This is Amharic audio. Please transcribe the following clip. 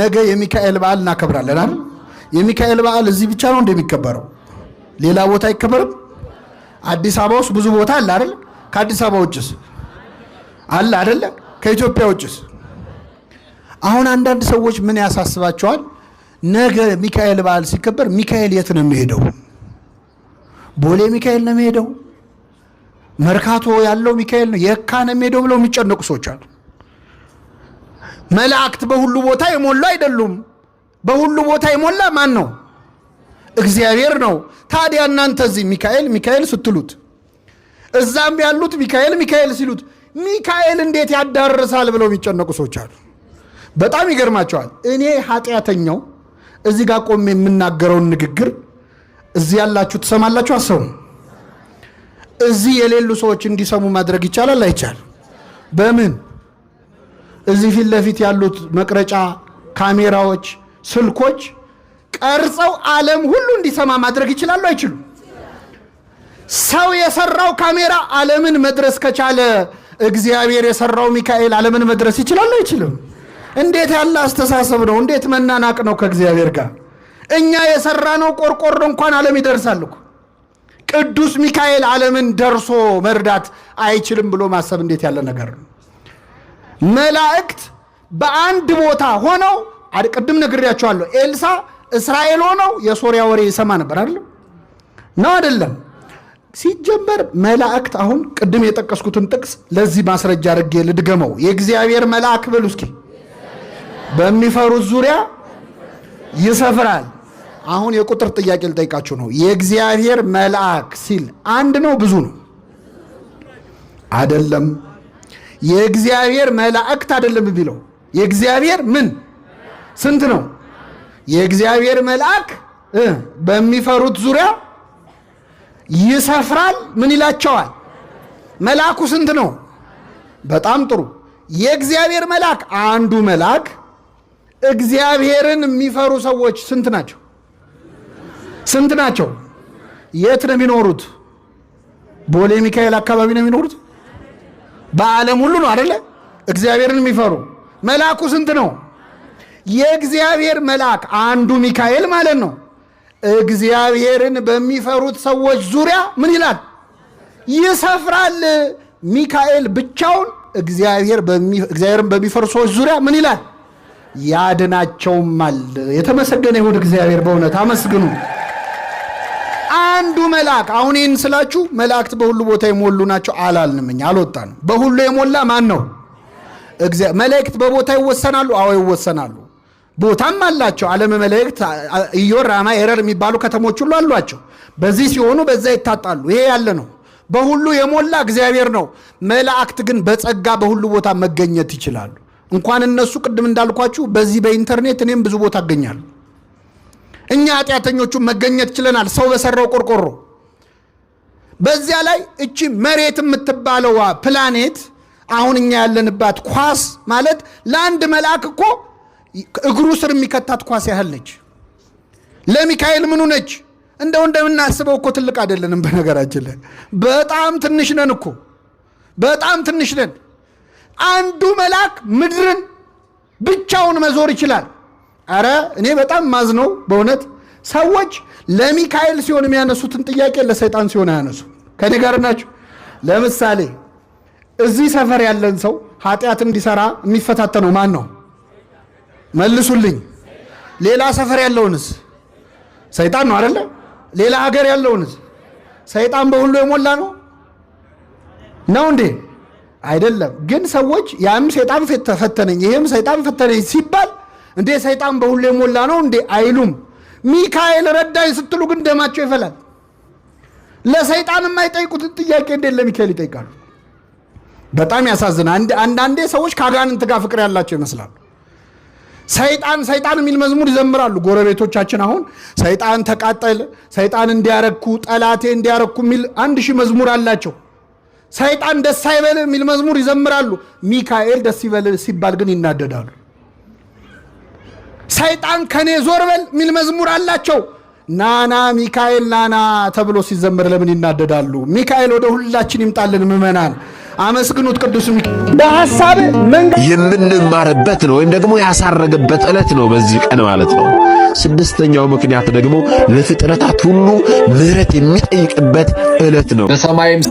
ነገ የሚካኤል በዓል እናከብራለን አይደል? የሚካኤል በዓል እዚህ ብቻ ነው እንደሚከበረው ሌላ ቦታ አይከበርም። አዲስ አበባ ውስጥ ብዙ ቦታ አለ አይደል? ከአዲስ አበባ ውጭስ አለ አይደለ? ከኢትዮጵያ ውጭስ? አሁን አንዳንድ ሰዎች ምን ያሳስባቸዋል? ነገ ሚካኤል በዓል ሲከበር ሚካኤል የት ነው የሚሄደው? ቦሌ ሚካኤል ነው የሚሄደው፣ መርካቶ ያለው ሚካኤል ነው፣ የካ ነው የሚሄደው ብለው የሚጨነቁ ሰዎች አሉ። መላእክት በሁሉ ቦታ የሞሉ አይደሉም። በሁሉ ቦታ የሞላ ማን ነው? እግዚአብሔር ነው። ታዲያ እናንተ እዚህ ሚካኤል ሚካኤል ስትሉት፣ እዛም ያሉት ሚካኤል ሚካኤል ሲሉት ሚካኤል እንዴት ያዳርሳል ብለው የሚጨነቁ ሰዎች አሉ። በጣም ይገርማቸዋል። እኔ ኃጢአተኛው እዚህ ጋር ቆሜ የምናገረውን ንግግር እዚህ ያላችሁ ትሰማላችሁ። አሰቡ። እዚህ የሌሉ ሰዎች እንዲሰሙ ማድረግ ይቻላል አይቻል? በምን እዚህ ፊት ለፊት ያሉት መቅረጫ ካሜራዎች፣ ስልኮች ቀርጸው ዓለም ሁሉ እንዲሰማ ማድረግ ይችላሉ አይችሉም? ሰው የሰራው ካሜራ ዓለምን መድረስ ከቻለ እግዚአብሔር የሰራው ሚካኤል ዓለምን መድረስ ይችላል አይችልም? እንዴት ያለ አስተሳሰብ ነው! እንዴት መናናቅ ነው ከእግዚአብሔር ጋር! እኛ የሰራነው ቆርቆሮ እንኳን ዓለም ይደርሳል እኮ ቅዱስ ሚካኤል ዓለምን ደርሶ መርዳት አይችልም ብሎ ማሰብ እንዴት ያለ ነገር ነው! መላእክት በአንድ ቦታ ሆነው ቅድም ነግሬያቸዋለሁ። ኤልሳ እስራኤል ሆነው የሶሪያ ወሬ ይሰማ ነበር አይደለም? ነው አይደለም? ሲጀመር መላእክት አሁን ቅድም የጠቀስኩትን ጥቅስ ለዚህ ማስረጃ አድርጌ ልድገመው። የእግዚአብሔር መልአክ በሉ እስኪ በሚፈሩት ዙሪያ ይሰፍራል። አሁን የቁጥር ጥያቄ ልጠይቃችሁ ነው። የእግዚአብሔር መልአክ ሲል አንድ ነው ብዙ ነው? አይደለም። የእግዚአብሔር መላእክት አይደለም የሚለው የእግዚአብሔር ምን ስንት ነው? የእግዚአብሔር መልአክ በሚፈሩት ዙሪያ ይሰፍራል። ምን ይላቸዋል? መልአኩ ስንት ነው? በጣም ጥሩ። የእግዚአብሔር መልአክ አንዱ መልአክ እግዚአብሔርን የሚፈሩ ሰዎች ስንት ናቸው? ስንት ናቸው? የት ነው የሚኖሩት? ቦሌ ሚካኤል አካባቢ ነው የሚኖሩት። በዓለም ሁሉ ነው አደለ? እግዚአብሔርን የሚፈሩ መልአኩ ስንት ነው? የእግዚአብሔር መልአክ አንዱ ሚካኤል ማለት ነው። እግዚአብሔርን በሚፈሩት ሰዎች ዙሪያ ምን ይላል? ይሰፍራል። ሚካኤል ብቻውን እግዚአብሔርን በሚፈሩ ሰዎች ዙሪያ ምን ይላል? ያድናቸውማል። የተመሰገነ ይሁን እግዚአብሔር። በእውነት አመስግኑ። አንዱ መልአክ አሁን ይህን ስላችሁ መላእክት በሁሉ ቦታ የሞሉ ናቸው አላልንም። እኛ አልወጣንም። በሁሉ የሞላ ማን ነው? መላእክት በቦታ ይወሰናሉ? አዎ ይወሰናሉ። ቦታም አላቸው። አለም መላእክት ኢዮር፣ ራማ፣ ኤረር የሚባሉ ከተሞች ሁሉ አሏቸው። በዚህ ሲሆኑ በዛ ይታጣሉ። ይሄ ያለ ነው። በሁሉ የሞላ እግዚአብሔር ነው። መላእክት ግን በጸጋ በሁሉ ቦታ መገኘት ይችላሉ። እንኳን እነሱ ቅድም እንዳልኳችሁ በዚህ በኢንተርኔት እኔም ብዙ ቦታ አገኛለሁ። እኛ ኃጢአተኞቹ መገኘት ችለናል፣ ሰው በሰራው ቆርቆሮ። በዚያ ላይ እቺ መሬት የምትባለዋ ፕላኔት አሁን እኛ ያለንባት ኳስ ማለት ለአንድ መልአክ እኮ እግሩ ስር የሚከታት ኳስ ያህል ነች። ለሚካኤል ምኑ ነች? እንደው እንደምናስበው እኮ ትልቅ አይደለንም። በነገራችን ላይ በጣም ትንሽ ነን እኮ በጣም ትንሽ ነን። አንዱ መልአክ ምድርን ብቻውን መዞር ይችላል። አረ እኔ በጣም ማዝነው በእውነት ሰዎች ለሚካኤል ሲሆን የሚያነሱትን ጥያቄ ለሰይጣን ሲሆን አያነሱ። ከኔ ጋር ናቸው። ለምሳሌ እዚህ ሰፈር ያለን ሰው ኃጢአት እንዲሰራ የሚፈታተነው ማን ነው? መልሱልኝ። ሌላ ሰፈር ያለውንስ ሰይጣን ነው አደለ? ሌላ ሀገር ያለውንስ ሰይጣን በሁሉ የሞላ ነው ነው እንዴ? አይደለም። ግን ሰዎች ያም ሰይጣን ፈተነኝ፣ ይህም ሰይጣን ፈተነኝ ሲባል እንዴ ሰይጣን በሁሉ የሞላ ነው እንዴ አይሉም። ሚካኤል ረዳይ ስትሉ ግን ደማቸው ይፈላል። ለሰይጣን የማይጠይቁትን ጥያቄ እንዴት ለሚካኤል ይጠይቃሉ? በጣም ያሳዝናል። አንዳንዴ ሰዎች ከአጋንንት ጋር ፍቅር ያላቸው ይመስላሉ። ሰይጣን ሰይጣን የሚል መዝሙር ይዘምራሉ። ጎረቤቶቻችን አሁን ሰይጣን ተቃጠል፣ ሰይጣን እንዲያረኩ፣ ጠላቴ እንዲያረኩ የሚል አንድ ሺህ መዝሙር አላቸው። ሰይጣን ደስ አይበልህ የሚል መዝሙር ይዘምራሉ። ሚካኤል ደስ ይበል ሲባል ግን ይናደዳሉ። ሰይጣን ከኔ ዞር በል የሚል መዝሙር አላቸው። ናና ሚካኤል ናና ተብሎ ሲዘመር ለምን ይናደዳሉ? ሚካኤል ወደ ሁላችን ይምጣልን። ምመናል አመስግኑት ቅዱስ በሐሳብ መንገድ የምንማርበት ነው፣ ወይም ደግሞ ያሳረገበት ዕለት ነው በዚህ ቀን ማለት ነው። ስድስተኛው ምክንያት ደግሞ ለፍጥረታት ሁሉ ምሕረት የሚጠይቅበት ዕለት ነው። በሰማይም